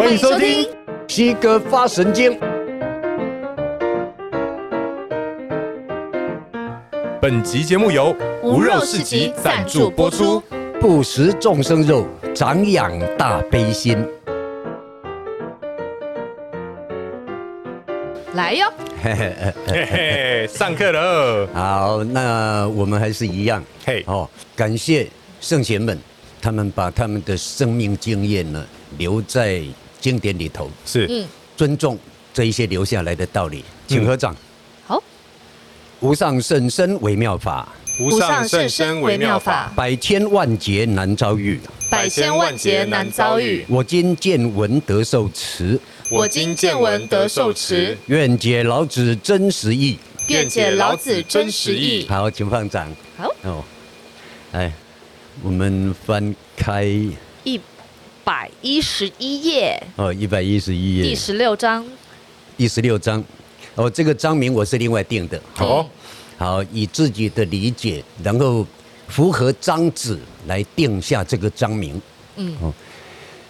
歡迎收聽《西哥發神經》。本集節目由無肉市集贊助播出。不食眾生肉，長養大悲心。來喲！嘿嘿嘿嘿，上課嘍！好，那我們還是一樣。嘿，哦，感謝聖賢們，他們把他們的生命經驗呢留在。經典裡頭是、嗯、尊重這一些留下來的道理，請合掌。嗯、好，無上甚深微妙法，無上甚深微妙法，百千萬劫難遭遇，百千萬劫難遭遇。我今見聞得受持，我今見聞得受持，願解老子真實義，願解老子真實義。好，請放掌。好哦，哎，我們翻開一。百一十一頁哦，一百一十一頁，第十六章，第十六章，哦，這個章名我是另外定的，嗯、哦，好以自己的理解，然後符合章旨來定下這個章名，嗯，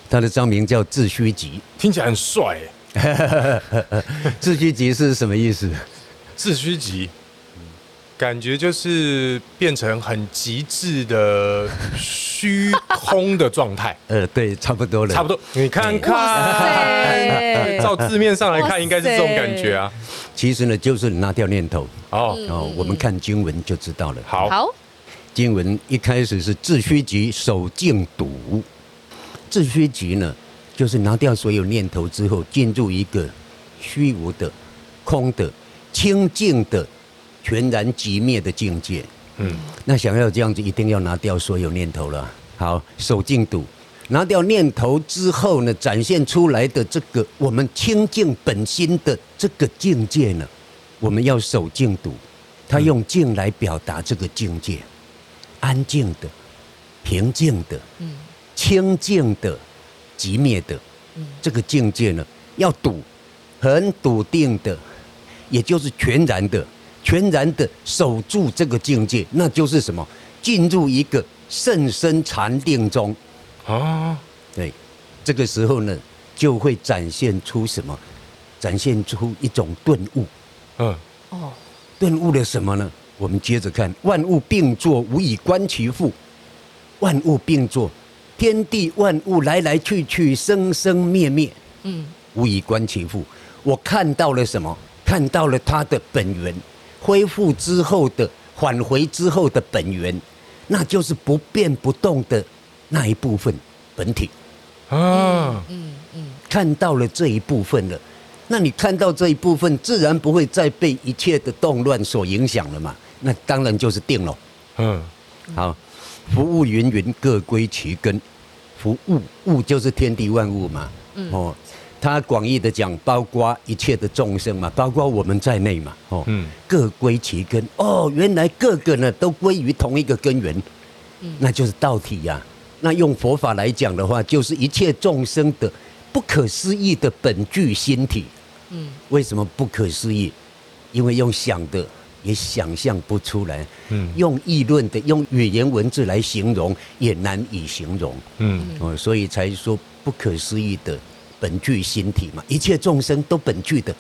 他的章名叫《致虛極》，聽起來很帥， 《致虛極》是什麼意思？《致虛極》。感覺就是變成很極致的虛空的狀態。 呃，對，差不多了。差不多，你看看， 照字面上來看，應該是這種感覺啊。其實呢，就是拿掉念頭哦。然後我們看經文就知道了。好，好經文一開始是自虛守“致虛極，守靜篤”。致虛極呢，就是拿掉所有念頭之後，進入一個虛無的、空的、清淨的。全然寂滅的境界。嗯，那想要這樣子，一定要拿掉所有念頭了。好，守靜篤。拿掉念頭之後呢，展現出來的這個我們清淨本心的這個境界呢，我們要守靜篤。他用靜來表達這個境界：安靜的、平靜的、清淨的、寂滅的。這個境界呢，要篤，很篤定的，也就是全然的。全然的守住這個境界，那就是什麼？進入一個甚深禪定中啊！對，這個時候呢，就會展現出什麼？展現出一種頓悟。嗯。哦。頓悟了什麼呢？我們接着看：萬物並作，吾以觀其復；萬物並作，天地萬物來來去去，生生滅滅。嗯。吾以觀其復，我看到了什麼？看到了它的本源。恢復之後的返回之後的本源，那就是不變不動的那一部分本體，嗯嗯嗯，看到了這一部分了，那你看到這一部分，自然不會再被一切的動亂所影響了嘛。那當然就是定了。嗯，好，夫物芸芸，各歸其根，夫物，物就是天地萬物嘛，哦。他廣義的講，包括一切的眾生嘛，包括我們在內嘛，哦，各歸其根哦，原來個個呢都歸於同一個根源，那就是道體呀。那用佛法來講的話，就是一切眾生的不可思議的本具心體，嗯，為什麼不可思議？因為用想的也想象不出來，嗯，用議論的、用語言文字來形容也難以形容，嗯，哦，所以才說不可思議的。本具心體嘛，一切眾生都本具的，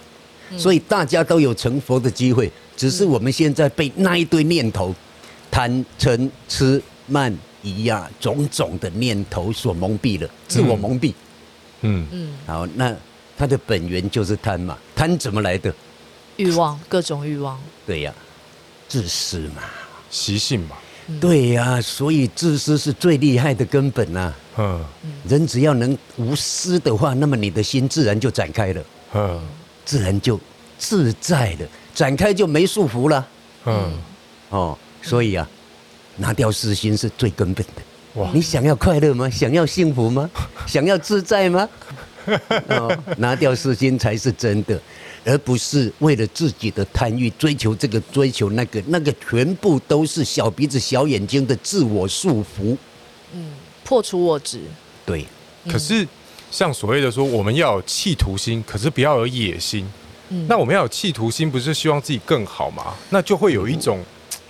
所以大家都有成佛的機會，只是我們現在被那一堆念頭，貪嗔癡慢疑啊種種的念頭所蒙蔽了，自我蒙蔽。嗯嗯，好，那它的本源就是貪嘛，貪怎麼來的？欲望，各種欲望。對呀、啊，自私嘛，習性嘛。對呀、啊，所以自私是最厲害的根本吶、啊。嗯，人只要能無私的話，那麼你的心自然就展開了，嗯，自然就自在了，展開就沒束縛了，嗯，哦，所以啊，拿掉私心是最根本的。你想要快樂嗎？想要幸福嗎？想要自在嗎？哦，拿掉私心才是真的，而不是為了自己的貪慾追求這個追求那個，那個全部都是小鼻子小眼睛的自我束縛。破除我執，對。嗯、可是，像所謂的說，我們要有企圖心，可是不要有野心。嗯、那我們要有企圖心，不是希望自己更好嘛？那就會有一種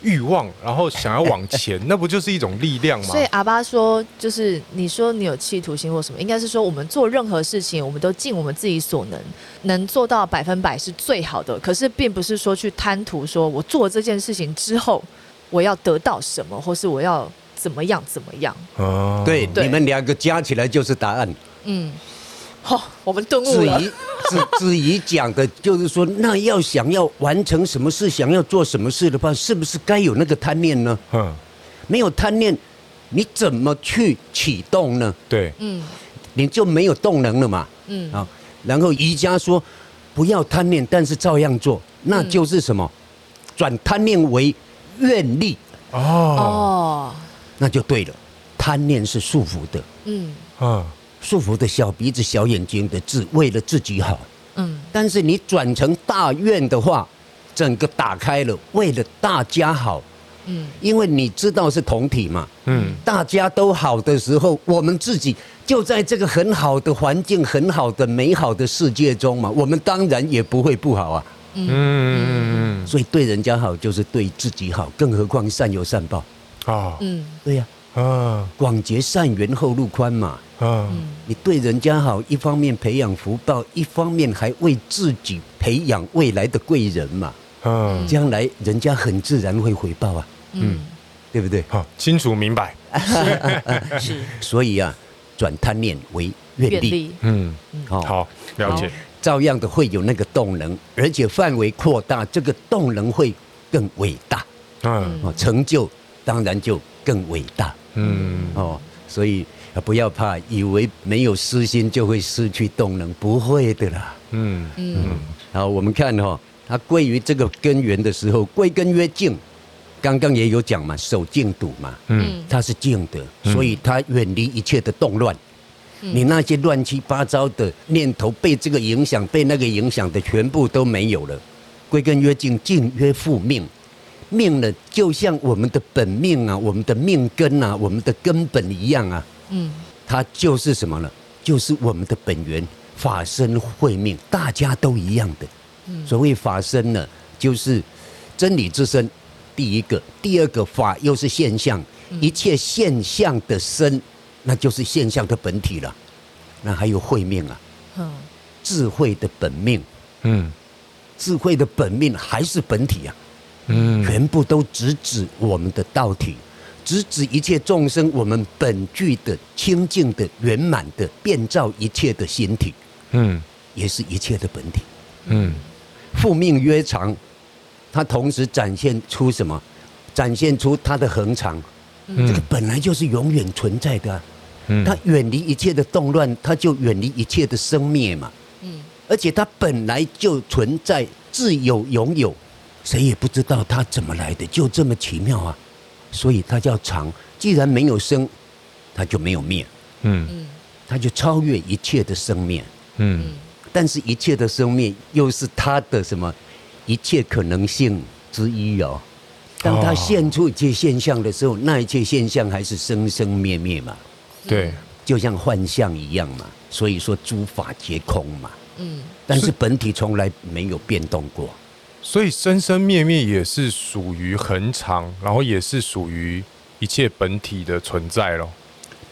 欲望，嗯、然後想要往前， 那不就是一種力量嗎？所以阿巴說，就是你說你有企圖心或什麼，應該是說我們做任何事情，我們都盡我們自己所能，能做到百分百是最好的。可是，並不是說去貪圖，說我做這件事情之後，我要得到什麼，或是我要。怎麼樣？怎麼樣？哦，對，對，你們兩個加起來就是答案。嗯，好，我們頓悟了。子怡子子怡講的就是說，那要想要完成什麼事，想要做什麼事的話，是不是該有那個貪念呢？嗯，沒有貪念，你怎麼去啟動呢？對，嗯，你就沒有動能了嘛。嗯啊，然後瑜伽說不要貪念，但是照樣做，那就是什麼？轉貪念為願力。哦。那就對了，貪念是束縛的，嗯啊，束縛的小鼻子、小眼睛的只為了自己好，嗯，但是你轉成大願的話，整個打開了，為了大家好，嗯，因為你知道是同體嘛，嗯，大家都好的時候，我們自己就在這個很好的環境、很好的美好的世界中嘛，我們當然也不會不好啊，嗯，所以對人家好就是對自己好，更何況善有善報。啊，嗯，對呀，啊，廣結善緣，後路寬嘛，啊，你對人家好，一方面培養福報，一方面還為自己培養未來的貴人嘛，啊，將來人家很自然會回報啊，嗯， 對不對？好，清楚明白，是是，所以啊，轉貪念為願力，嗯，好，了解，照樣的會有那個動能，而且範圍擴大，這個動能會更偉大，嗯，成就。當然就更偉大，嗯，哦，所以不要怕，以為沒有私心就會失去動能，不會的啦，嗯嗯，好，我們看哦，它歸於這個根源的時候，歸根曰靜，剛剛也有講嘛，守靜篤嘛，嗯，它是靜的，所以它遠離一切的動亂，你那些亂七八糟的念頭被這個影響、被那個影響的全部都沒有了，歸根曰靜，靜曰復命。命呢，就像我們的本命啊，我們的命根啊，我們的根本一樣啊。嗯，它就是什麼呢？就是我們的本源法身慧命，大家都一樣的。所謂法身呢，就是真理之身。第一個，第二個法又是現象，一切現象的身，那就是現象的本體了。那還有慧命啊？智慧的本命。嗯，智慧的本命還是本體啊。嗯，全部都直指我們的道體，直指一切眾生我們本具的清淨的圓滿的變造一切的心體。嗯，也是一切的本體。嗯，復命曰常，它同時展現出什麼？展現出它的恆常。這個本來就是永遠存在的。嗯，它遠離一切的動亂，它就遠離一切的生滅嘛。嗯，而且它本來就存在，自有永有。誰也不知道它怎麼來的，就這麼奇妙啊！所以它叫常，既然沒有生，它就沒有滅。嗯，它就超越一切的生命。嗯，但是，一切的生命又是它的什麼？一切可能性之一哦。當它現出一切現象的時候，那一切現象還是生生滅滅嘛。對，就像幻象一樣嘛。所以說，諸法皆空嘛。嗯，但是本體從來沒有變動過。所以生生滅滅也是屬於恆常，然後也是屬於一切本體的存在咯，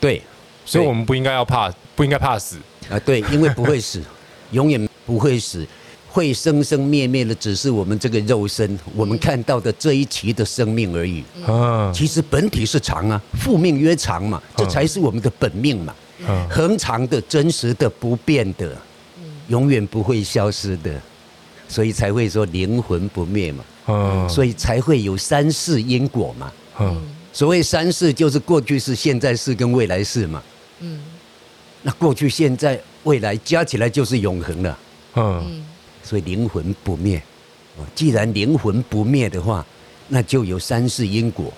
對，對，所以我們不應該要怕，不應該怕死啊、呃。對，因為不會死， 永遠不會死，會生生滅滅的只是我們這個肉身，我們看到的這一期的生命而已啊、嗯。其實本體是長啊，復命曰長嘛，這才是我們的本命嘛。恆、嗯、常的、真實的、不變的，永遠不會消失的。所以才會說靈魂不滅嘛，嗯，所以才會有三世因果嘛，嗯，所謂三世就是過去世、現在世跟未來世嘛，嗯，那過去、現在、未來加起來就是永恆了，嗯，所以靈魂不滅，既然靈魂不滅的話，那就有三世因果，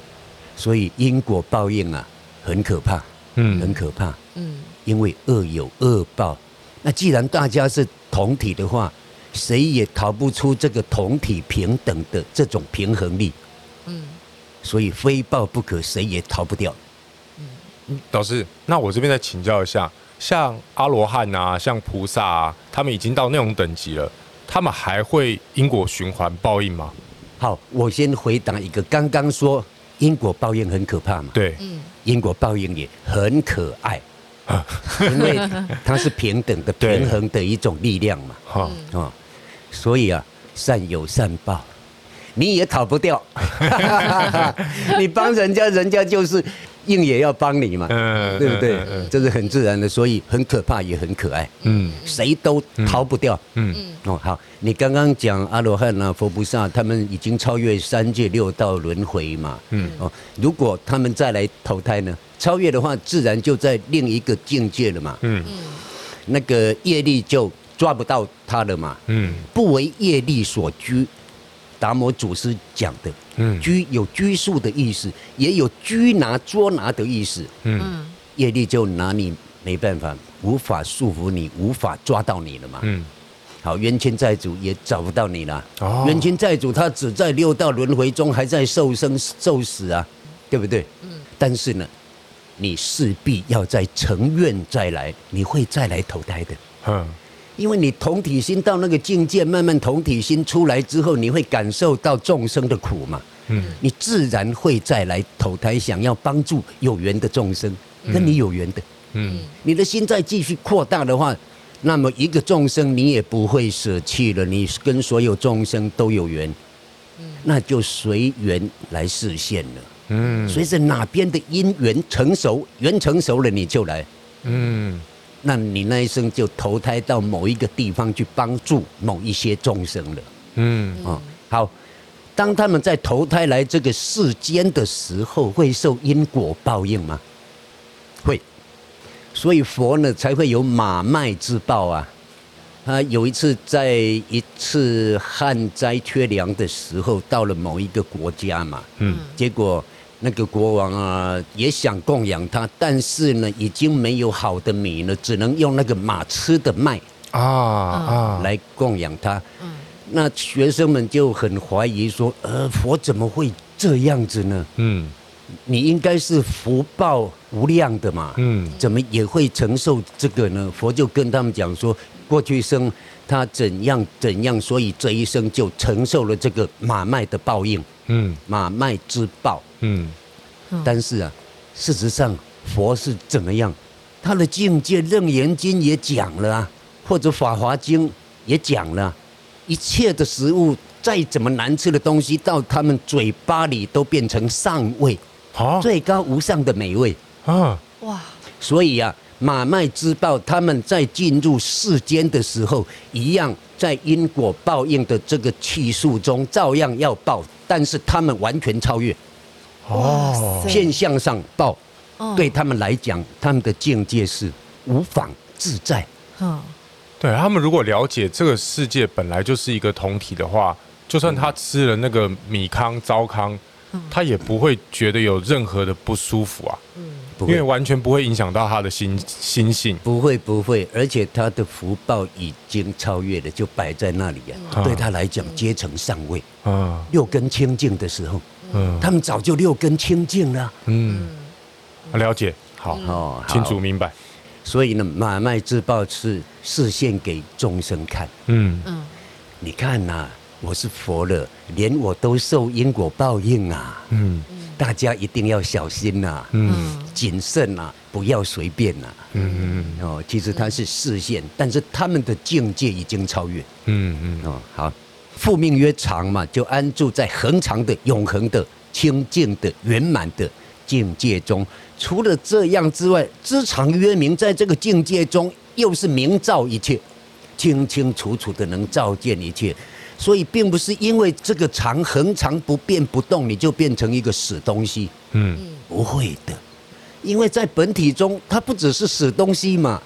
所以因果報應啊，很可怕，嗯，很可怕，嗯，因為惡有惡報，那既然大家是同體的話，誰也逃不出這個同體平等的這種平衡力，所以非報不可，誰也逃不掉。老師，那我這邊再請教一下，像阿羅漢啊，像菩薩啊，他們已經到那種等級了，他們還會因果循環報應嗎？好，我先回答一個，剛剛說因果報應很可怕嘛。對，嗯，因果報應也很可愛，因為它是平等的平衡的一種力量嘛，哈啊。所以啊，善有善報，你也逃不掉。你幫人家，人家就是硬也要幫你嘛，對不對？這是很自然的，所以很可怕也很可愛。嗯，誰都逃不掉。嗯，哦，好，你剛剛講阿羅漢啊、佛菩薩，他們已經超越三界六道輪迴嘛。嗯，哦，如果他們再來投胎呢？超越的話，自然就在另一個境界了嘛。嗯，那個業力就。抓不到他了嘛？嗯，不為業力所拘，達摩祖師講的，嗯，拘有拘束的意思，也有拘拿捉拿的意思，嗯，業力就拿你沒辦法，無法束縛你，無法抓到你了嘛？嗯，好，冤親債主也找不到你了。哦，冤親債主他只在六道輪回中還在受生受死啊，對不對？但是呢，你勢必要在乘願再來，你會再來投胎的。嗯。因為你同體心到那個境界，慢慢同體心出來之後，你會感受到眾生的苦嘛。嗯。你自然會再來投胎，想要幫助有緣的眾生，跟你有緣的。嗯。你的心再繼續擴大的話，那麼一個眾生你也不會捨棄了，你跟所有眾生都有緣。嗯。那就隨緣來實現了。嗯。隨着哪邊的因緣成熟，緣成熟了你就來。嗯。那你那一生就投胎到某一個地方去幫助某一些眾生了，嗯啊、嗯，好。當他們在投胎來這個世間的時候，會受因果報應嗎？會。所以佛呢，才會有馬麥之報啊。他有一次在一次旱災缺糧的時候，到了某一個國家嘛，嗯，結果。那個國王啊，也想供養他，但是呢，已經沒有好的米了，只能用那個馬吃的麥啊啊，來供養他。那學生們就很懷疑說，呃，佛怎麼會這樣子呢？嗯。你應該是福報無量的嘛，嗯，怎麼也會承受這個呢？佛就跟他們講說，過去生他怎樣怎樣，所以這一生就承受了這個馬麥的報應，嗯，馬麥之報，嗯，但是啊，事實上佛是怎麼樣？他的境界，《楞嚴經》也講了啊，或者《法華經》也講了啊，一切的食物再怎麼難吃的東西，到他們嘴巴裡都變成上味。最高無上的美味啊！哇！所以啊，馬麥之報，他們在進入世間的時候，一樣在因果報應的這個氣數中，照樣要報。但是他們完全超越。哇！現象上報，對他們來講，他們的境界是無方自在。嗯，對他們如果了解這個世界本來就是一個同體的話，就算他吃了那個米糠糟糠。他也不會覺得有任何的不舒服啊，嗯，因為完全不會影響到他的心心性，不會不會，而且他的福報已經超越了，就擺在那裡啊，嗯、對他來講階層上位、嗯，六根清淨的時候，嗯，他們早就六根清淨了，嗯、嗯、啊，了解，好、嗯、清楚明白，所以呢，買賣自報是示現給眾生看，嗯嗯，你看吶、啊。我是佛了，連我都受因果報應啊！嗯，大家一定要小心吶、啊，嗯，謹慎吶、啊，不要隨便吶、啊，嗯嗯哦，其實他是視線，但是他們的境界已經超越。嗯嗯。哦，好，復命曰常嘛，就安住在恆常的、永恆的、清淨的、圓滿的境界中。除了這樣之外，知常曰明，在這個境界中又是明照一切，清清楚楚的能照見一切。所以，並不是因為這個常恆常不變不動，你就變成一個死東西。嗯，不會的，因為在本體中，它不只是死東西嘛，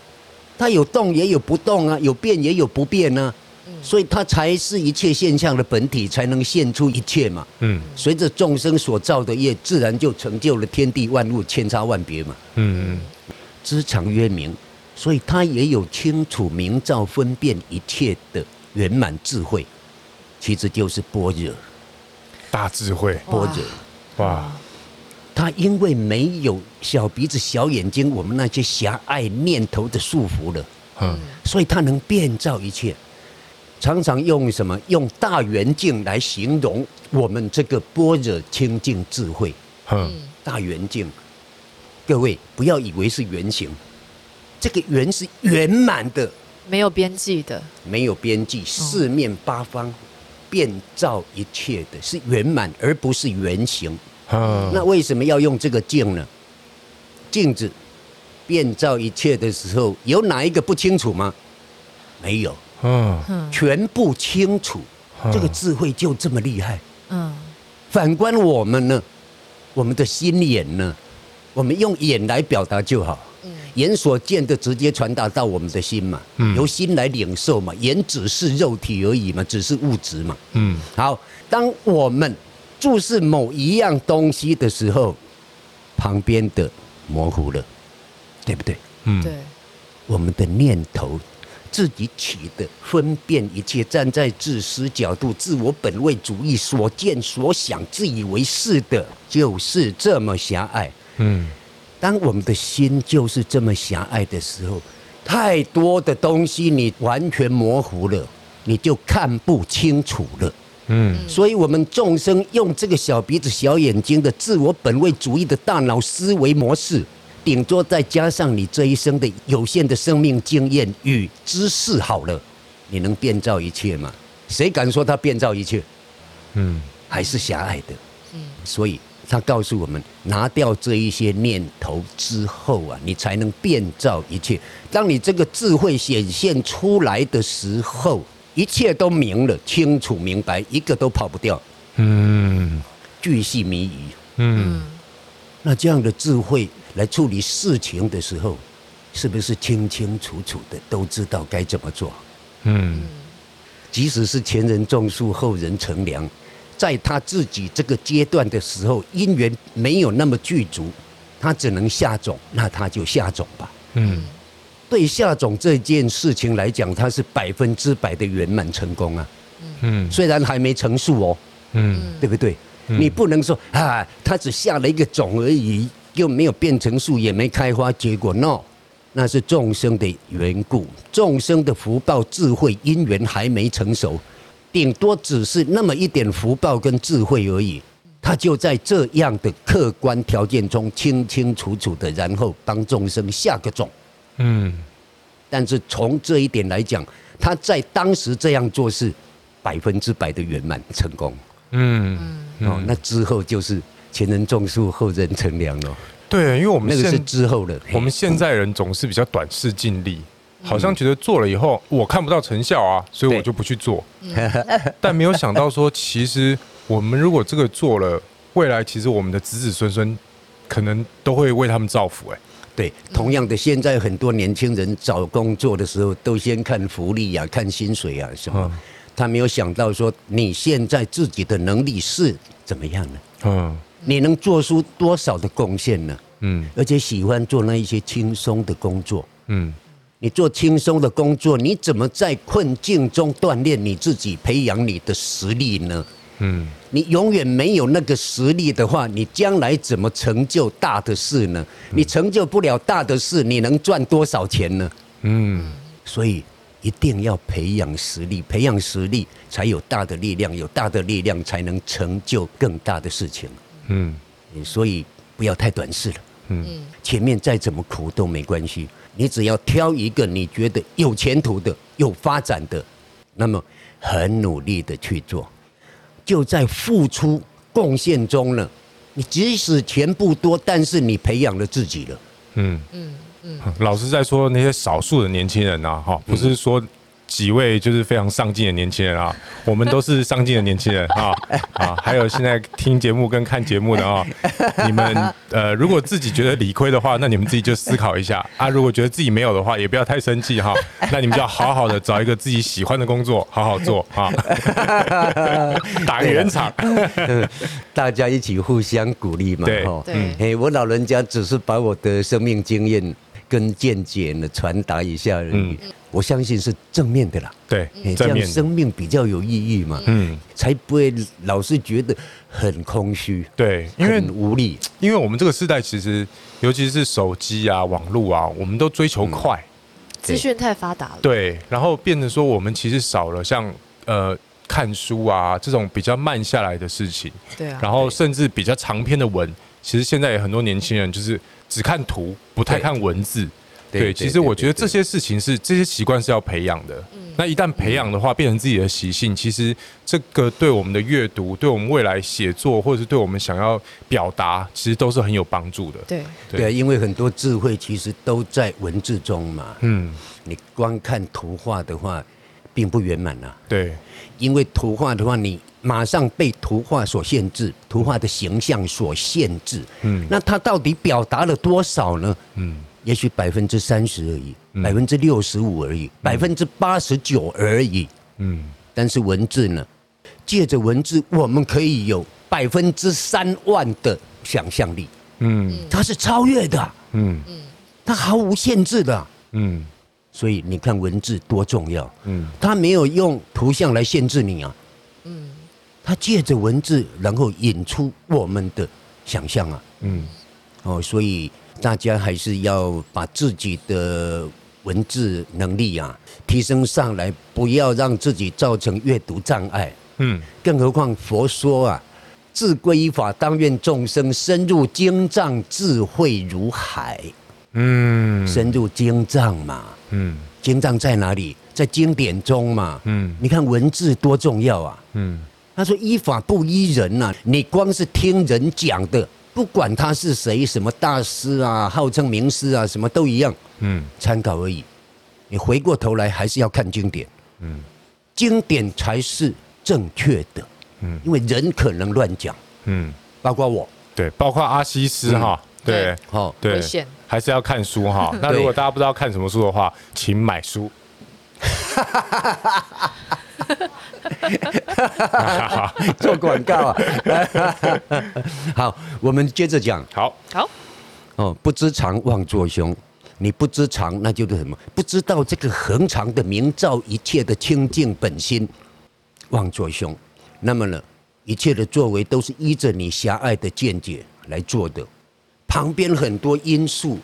它有動也有不動啊，有變也有不變呢、啊。所以它才是一切現象的本體，才能現出一切嘛。嗯，隨着眾生所造的業，自然就成就了天地萬物千差萬別嘛。嗯嗯，知常曰明，所以它也有清楚明照分辨一切的圓滿智慧。其實就是般若，大智慧，般若哇！他因為沒有小鼻子、小眼睛，我們那些狹隘念頭的束縛了，嗯，所以他能變造一切。常常用什麼？用大圓鏡來形容我們這個般若清淨智慧，嗯，大圓鏡。各位不要以為是圓形，這個圓是圓滿的，沒有邊際的，沒有邊際，四面八方。哦變造一切的是圓滿，而不是圓形。嗯、那為什麼要用這個鏡呢？鏡子變造一切的時候，有哪一個不清楚嗎？沒有，嗯，全部清楚。嗯、這個智慧就這麼厲害、嗯。反觀我們呢？我們的心眼呢？我們用眼來表達就好。眼所見的直接傳達到我們的心嘛，由心來領受嘛。眼只是肉體而已嘛，只是物質嘛。嗯，好，當我們注視某一樣東西的時候，旁邊的模糊了，對不對？嗯，對。我們的念頭自己起的，分辨一切，站在自私角度、自我本位主義所見所想，自以為是的，就是這麼狹隘。嗯。當我們的心就是這麼狹隘的時候，太多的東西你完全模糊了，你就看不清楚了。嗯，所以，我們眾生用這個小鼻子、小眼睛的自我本位主義的大腦思維模式，頂多再加上你這一生的有限的生命經驗與知識，好了，你能變造一切嗎？誰敢說它變造一切？嗯，還是狹隘的。嗯，所以。他告訴我們，拿掉這一些念頭之後啊，你才能變造一切。當你這個智慧顯現出來的時候，一切都明了、清楚、明白，一個都跑不掉。嗯，巨細靡遺。嗯，那這樣的智慧來處理事情的時候，是不是清清楚楚的都知道該怎麼做？嗯，即使是前人種樹，後人乘涼。在他自己這個階段的時候，因緣沒有那麼具足，他只能下種，那他就下種吧。嗯，對下種這件事情來講，他是百分之百的圓滿成功啊。嗯，雖然還沒成熟哦。嗯，對不對？你不能說啊，他只下了一個種而已，又沒有變成樹，也沒開花結果呢？那是眾生的緣故，眾生的福報、智慧、因緣還沒成熟。頂多只是那麼一點福報跟智慧而已，他就在這樣的客觀條件中清清楚楚的，然後幫眾生下個種。嗯，但是從這一點來講，他在當時這樣做是百分之百的圓滿成功。嗯，嗯，哦，那之後就是前人種樹，後人乘涼了。對，因為我們那個是之後的，我們現在人總是比較短視近利。好像覺得做了以後我看不到成效啊，所以我就不去做。 但沒有想到說，其實我們如果這個做了，未來其實我們的子子孫孫可能都會為他們造福、欸。哎，對，同樣的，現在很多年輕人找工作的時候都先看福利啊，看薪水啊什麼、嗯。他沒有想到說，你現在自己的能力是怎麼樣呢？嗯，你能做出多少的貢獻呢？嗯，而且喜歡做那一些輕鬆的工作。嗯。你做輕鬆的工作，你怎麼在困境中鍛鍊你自己，培養你的實力呢？嗯，你永遠沒有那個實力的話，你將來怎麼成就大的事呢？嗯，你成就不了大的事，你能賺多少錢呢？嗯，所以一定要培養實力，培養實力才有大的力量，有大的力量才能成就更大的事情。嗯，所以不要太短視了。嗯，前面再怎麼苦都沒關係，你只要挑一個你覺得有前途的、有發展的，那麼很努力的去做，就在付出貢獻中了。你即使錢不多，但是你培養了自己了。嗯嗯嗯，老實在說那些少數的年輕人啊，哈，不是說、嗯。幾位就是非常上進的年輕人啊，我們都是上進的年輕人啊啊！還有現在聽節目跟看節目的啊，你們呃，如果自己覺得理虧的話，那你們自己就思考一下啊。如果覺得自己沒有的話，也不要太生氣哈。那你們就要好好的找一個自己喜歡的工作，好好做啊。打個圓場，大家一起互相鼓勵嘛。對，對、嗯。哎，我老人家只是把我的生命經驗跟見解呢傳達一下而已。嗯我相信是正面的啦，對，嗯、這樣生命比較有意義嘛，嗯，才不會老是覺得很空虛，對，因為很無力，因為我們這個時代其實，尤其是手機啊、網絡啊，我們都追求快，嗯、資訊太發達了，對，然後變成說我們其實少了像呃看書啊這種比較慢下來的事情，對啊，然後甚至比較長篇的文，其實現在很多年輕人就是只看圖，不太看文字。對，其實我覺得這些事情是對對對對對，這些習慣是要培養的。嗯、那一旦培養的話，嗯、變成自己的習性，其實這個對我們的閱讀、對我們未來寫作，或者是對我們想要表達，其實都是很有幫助的。對對，對、啊，因為很多智慧其實都在文字中嘛。嗯，你光看圖畫的話，並不圓滿吶。對，因為圖畫的話，你馬上被圖畫所限制，圖畫的形象所限制。嗯，那它到底表達了多少呢？嗯。也許百分之三十而已，百分之六十五而已，百分之八十九而已。嗯，但是文字呢？借着文字，我們可以有百分之三萬的想象力。嗯，它是超越的。嗯，它毫無限制的。嗯，所以你看文字多重要。嗯，它沒有用圖像來限制你啊。嗯，它借着文字，然後引出我們的想象啊。嗯，哦，所以。大家還是要把自己的文字能力啊提升上來，不要讓自己造成閱讀障礙。嗯，更何況佛說啊，自皈依法，當願眾生深入經藏，智慧如海。嗯，深入經藏嘛，嗯，經藏在哪裡？在經典中嘛。嗯，你看文字多重要啊。嗯，他說依法不依人吶、啊，你光是聽人講的，不管他是誰，什麼大師啊，號稱名師啊，什麼都一樣，嗯，參考而已。你回過頭來還是要看經典，嗯，經典才是正確的，嗯，因為人可能亂講，嗯，包括我，對，包括阿西斯哈，嗯，對，好，對，還是要看書哈。 那如果大家不知道看什麼書的話，請買書。 好 做廣廣告啊！ 好，我們接着講。好，好，哦，不知常妄作凶。你不知常，那就是什麼？不知道這個恆常的明照一切的清淨本心，妄作凶。那麼呢，一切的作為都是依着你狹隘的見解來做的。旁邊很多因素，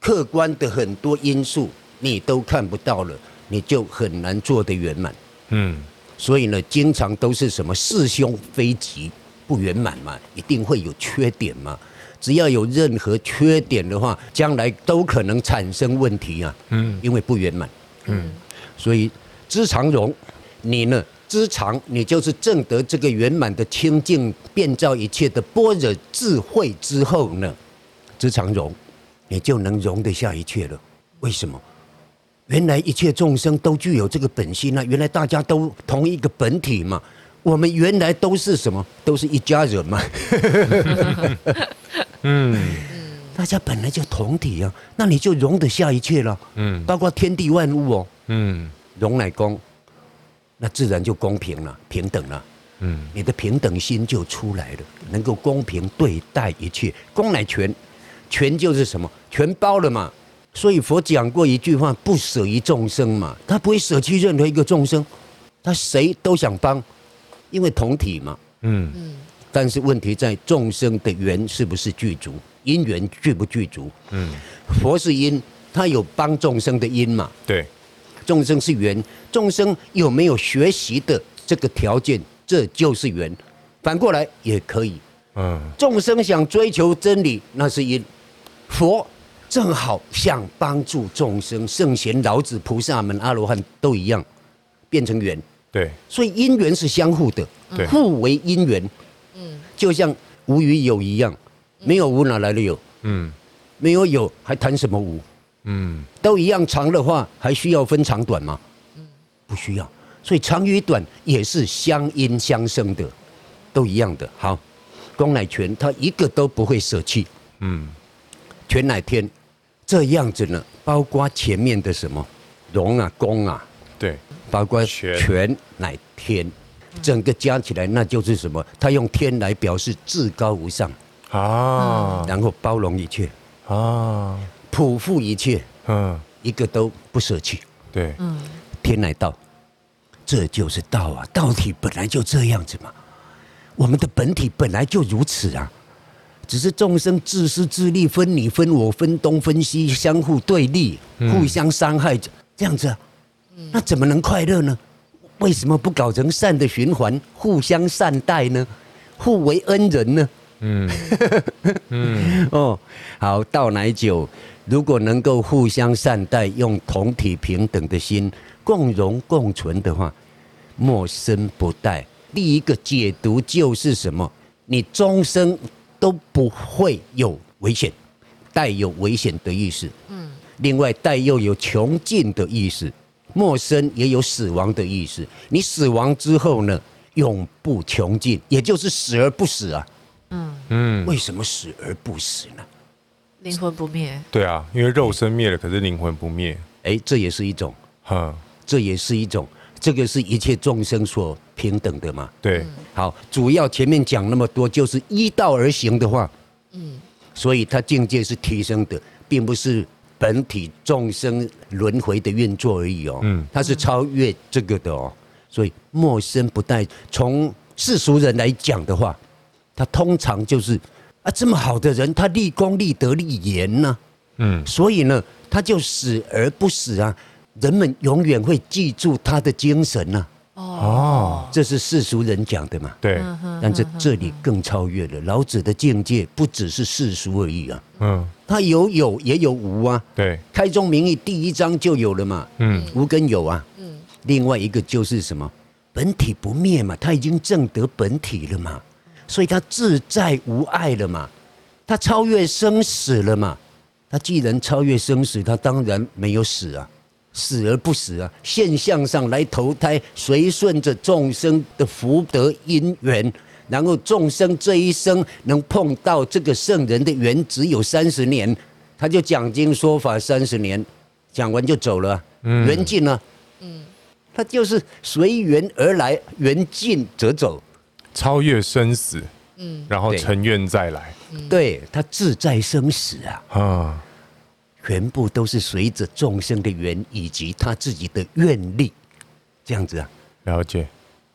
客觀的很多因素，你都看不到了，你就很難做得圓滿。嗯。所以呢，經常都是什麼是凶非吉，不圓滿嘛，一定會有缺點嘛。只要有任何缺點的話，將來都可能產生問題啊。嗯，因為不圓滿。嗯，嗯，所以知常容，你呢知常，你就是證得這個圓滿的清淨，遍照一切的般若智慧之後呢，知常容，你就能容得下一切了。為什麼？原來一切眾生都具有這個本心啊！原來大家都同一個本體嘛，我們原來都是什麼？都是一家人嘛。嗯，大家本來就同體啊，那你就容得下一切了。嗯，包括天地萬物哦。嗯，容乃公，那自然就公平了，平等了。嗯，你的平等心就出來了，能夠公平對待一切。公乃全，全就是什麼？全包了嘛。所以佛講過一句話：“不舍於眾生嘛，他不會捨棄任何一個眾生，他誰都想幫，因為同體嘛。”嗯嗯。但是問題在眾生的緣是不是具足？因緣具不具足？嗯。佛是因，他有幫眾生的因嘛。對。眾生是緣，眾生有沒有學習的這個條件，這就是緣。反過來也可以。嗯。眾生想追求真理，那是因，佛。正好像幫助眾生、聖賢、老子、菩薩們、阿羅漢都一樣，變成緣。對，對，所以因緣是相互的，互為因緣。嗯，就像無與有一樣，沒有無哪來的有？嗯，沒有有還談什麼無？嗯，都一樣長的話，還需要分長短嗎？嗯，不需要。所以長與短也是相因相生的，都一樣的。好，公乃全，他一個都不會捨棄。嗯，全乃天。這樣子呢，包括前面的什麼，容啊、公啊，對，包括全乃天，整個加起來，那就是什麼？他用天來表示至高無上啊，然後包容一切啊，普覆一切，一個都不捨棄，對，天乃道，這就是道啊，道體本來就這樣子嘛，我們的本體本來就如此啊。只是眾生自私自利，分你分我，分東分西，相互對立，互相傷害，這樣子、啊，那怎麼能快樂呢？為什麼不搞成善的循環，互相善待呢？互為恩人呢？嗯，嗯， 哦，好，倒奶酒，如果能夠互相善待，用同體平等的心，共榮共存的話，沒身不殆。第一個解讀就是什麼？你終生，都不會有危險，殆有危險的意思。嗯，另外殆又有窮盡的意思，沒身也有死亡的意思。你死亡之後呢，永不窮盡，也就是死而不死啊。嗯嗯，為什麼死而不死呢？靈魂不滅。對啊，因為肉身滅了、欸，可是靈魂不滅。哎、欸，這也是一種，哈、嗯，這也是一種。這個是一切眾生所平等的嘛？對，好，主要前面講那麼多就是依道而行的話，嗯，所以他境界是提升的，並不是本體眾生輪迴的運作而已哦，嗯，他是超越這個的哦，所以沒身不殆從世俗人來講的話，他通常就是啊這麼好的人，他立功立德立言呢，嗯，所以呢，他就死而不死啊。人們永遠會記住他的精神吶。哦，這是世俗人講的嘛。對。但是這裡更超越了老子的境界，不只是世俗而已啊。嗯。他有有也有無啊。對。開宗明義第一章就有了嘛。嗯。無跟有啊。嗯。另外一個就是什麼？本體不滅嘛，他已經證得本體了嘛，所以他自在無礙了嘛，他超越生死了嘛，他既然超越生死，他當然沒有死啊。死而不死啊！現象上來投胎，隨順着眾生的福德因緣，然後眾生這一生能碰到這個聖人的緣只有三十年，他就講經說法三十年，講完就走了。緣盡了，他就是隨緣而來，緣盡則走，超越生死。嗯、然後乘願再來。對，對他自在生死啊！啊、嗯。全部都是隨着眾生的緣以及他自己的願力，這樣子啊，了解。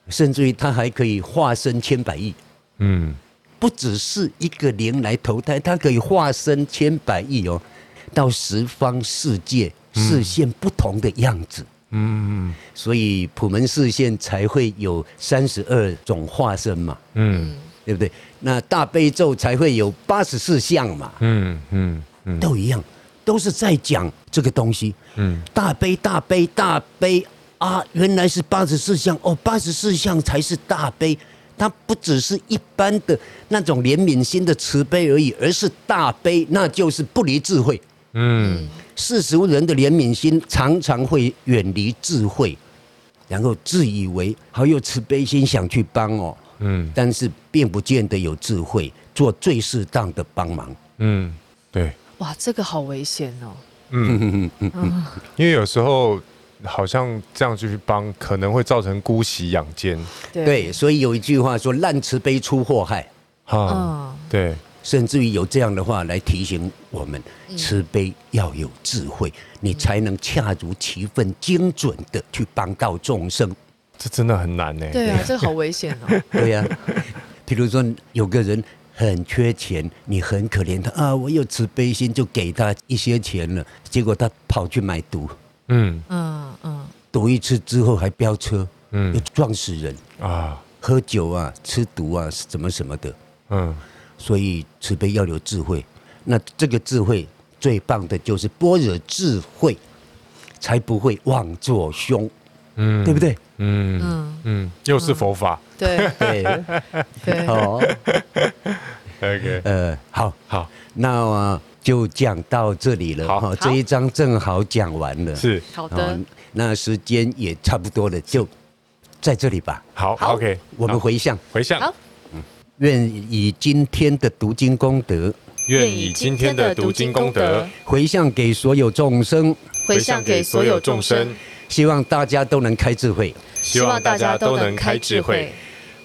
甚至於他還可以化身千百億，嗯，不只是一個靈來投胎，他可以化身千百億哦，到十方世界示現不同的樣子，嗯，所以普門示現才會有三十二種化身嘛，嗯，對不對？那大悲咒才會有八十四相嘛，嗯嗯，都一樣。都是在講這個東西，嗯，大悲大悲大悲啊！原來是八十四項哦，八十四項才是大悲，它不只是一般的那種憐憫心的慈悲而已，而是大悲，那就是不離智慧。嗯，世俗人的憐憫心常常會遠離智慧，然後自以為好有慈悲心想去幫哦，嗯，但是並不見得有智慧做最適當的幫忙。嗯，對。哇，這個好危險哦！嗯嗯嗯嗯嗯，因為有時候好像這樣去幫，可能會造成姑息養奸。對，所以有一句話說：“爛慈悲出禍害，嗯”哈、嗯，對，甚至於有這樣的話來提醒我們，慈悲要有智慧，嗯、你才能恰如其分、精準的去幫到眾生。這真的很難呢。對，這好危險哦。 對呀、啊，比如說有個人。很缺錢，你很可憐他啊！我有慈悲心，就給他一些錢了。結果他跑去買毒，嗯嗯嗯，賭一次之後還飆車，嗯，又撞死人啊、哦！喝酒啊，吃毒啊，什麼什麼的，嗯。所以慈悲要有智慧，那這個智慧最棒的就是般若智慧，才不會妄作凶，嗯，對不對？嗯嗯嗯，又是佛法。嗯、對 對對、哦 呃，好。OK，呃，好好，那就講到這裡了。好，這一章正好講完了。好哦、是好的，那時間也差不多了，就在這裡吧。好，好，好，OK，我們回向，回向。願以今天的讀經功德，願以今天的讀經功德回向，回向給所有眾生，回向給所有眾生，希望大家都能開智慧。希望大家都能開智慧，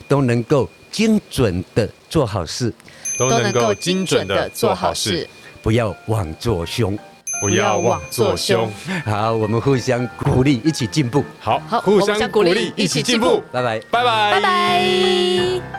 都能夠精準的做好事，都能夠精準的做好事，不要妄作凶，不要妄作凶。好，我們互相鼓勵，一起進步。好，好，互相鼓勵，一起進步，步。拜拜，拜拜，拜拜。